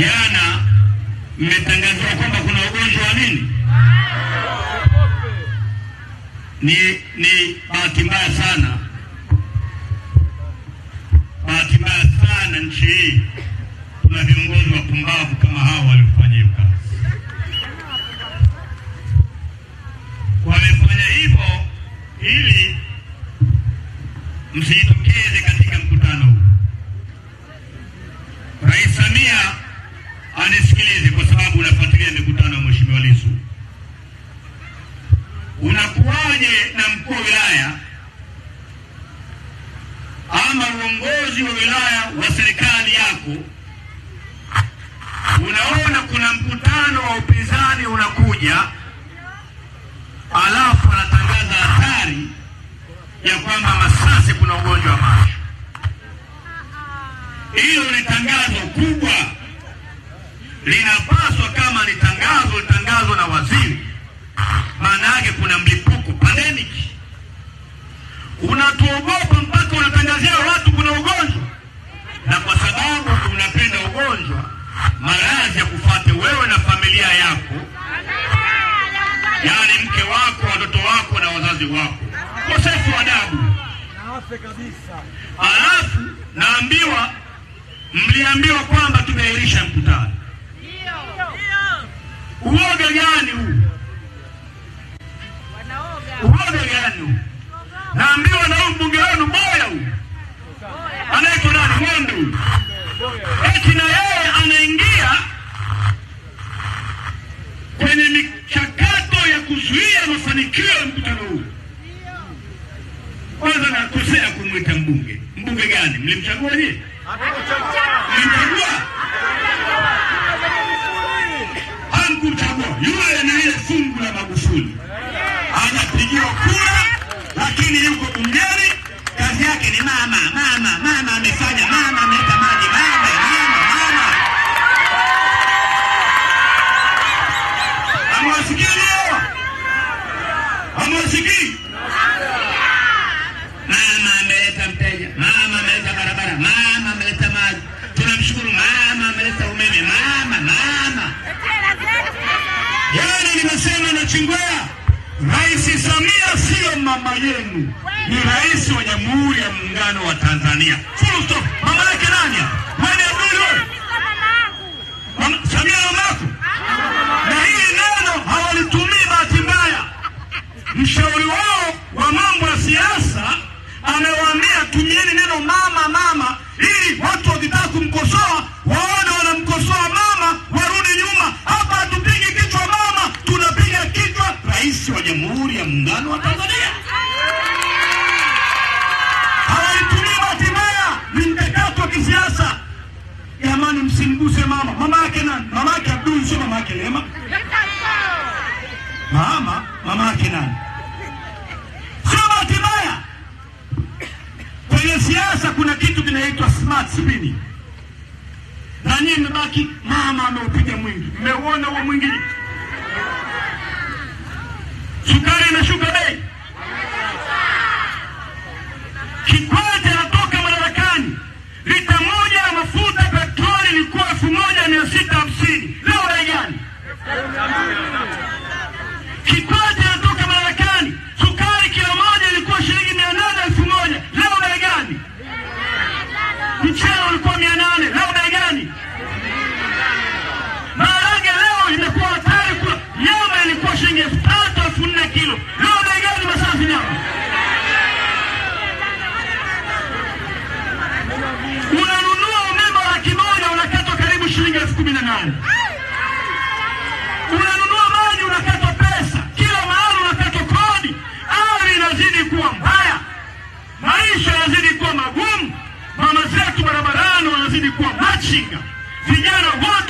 Jana mmetangaziwa kwamba kuna ugonjwa wa nini? Ni ni bahati mbaya sana, bahati mbaya sana, nchi hii kuna viongozi wapumbavu kama hawa waliofanya kazi. Wamefanya hivyo ili katika unakuwaje na mkuu wa wilaya ama uongozi wa wilaya wa serikali yako unaona kuna mkutano wa upinzani unakuja, alafu anatangaza hatari ya kwamba Masasi kuna ugonjwa wa macho. Hilo ni tangazo kubwa, linapaswa kama ni tangazo litangazwe na waziri maana yake kuna mlipuko pandemic. Unatuogopa mpaka unatangazia watu kuna ugonjwa, na kwa sababu unapenda ugonjwa, maradhi ya kufuate wewe na familia yako, yaani mke wako, watoto wako na wazazi wako. Ukosefu wa adabu. Alafu naambiwa mliambiwa kwamba tumeahirisha mkutano. Uoga gani huu? wenu. Naambiwa na huyu mbunge wenu Moya huu anaitwa nani Ngondu, eti na yeye anaingia kwenye michakato ya kuzuia mafanikio ya mkutano huu. Kwanza nakosea kumwita mbunge. Mbunge gani mlimchagua? Je, mlimchagua? Hamkumchagua. Yule ni ile fungu la Magufuli anapigiwa Chingwea, Rais Samia siyo mama yenu, ni rais wa Jamhuri ya Muungano wa Tanzania. Full stop. Mama yake nani? Wewe adui Mama Samia mama yako. Na hii neno hawalitumii bahati mbaya. Mshauri wao wa mambo ya siasa amewaambia tumieni neno mama mama mama yake nani? Mama yake Abdul sio mama yake Lema. Mama mama yake nani? Sio bahati mbaya. Kwenye siasa kuna kitu kinaitwa smart spinning. Na nyinyi mbaki mama ameupiga mwingi. Mmeuona huo mwingi? ilikuwa machinga, vijana wote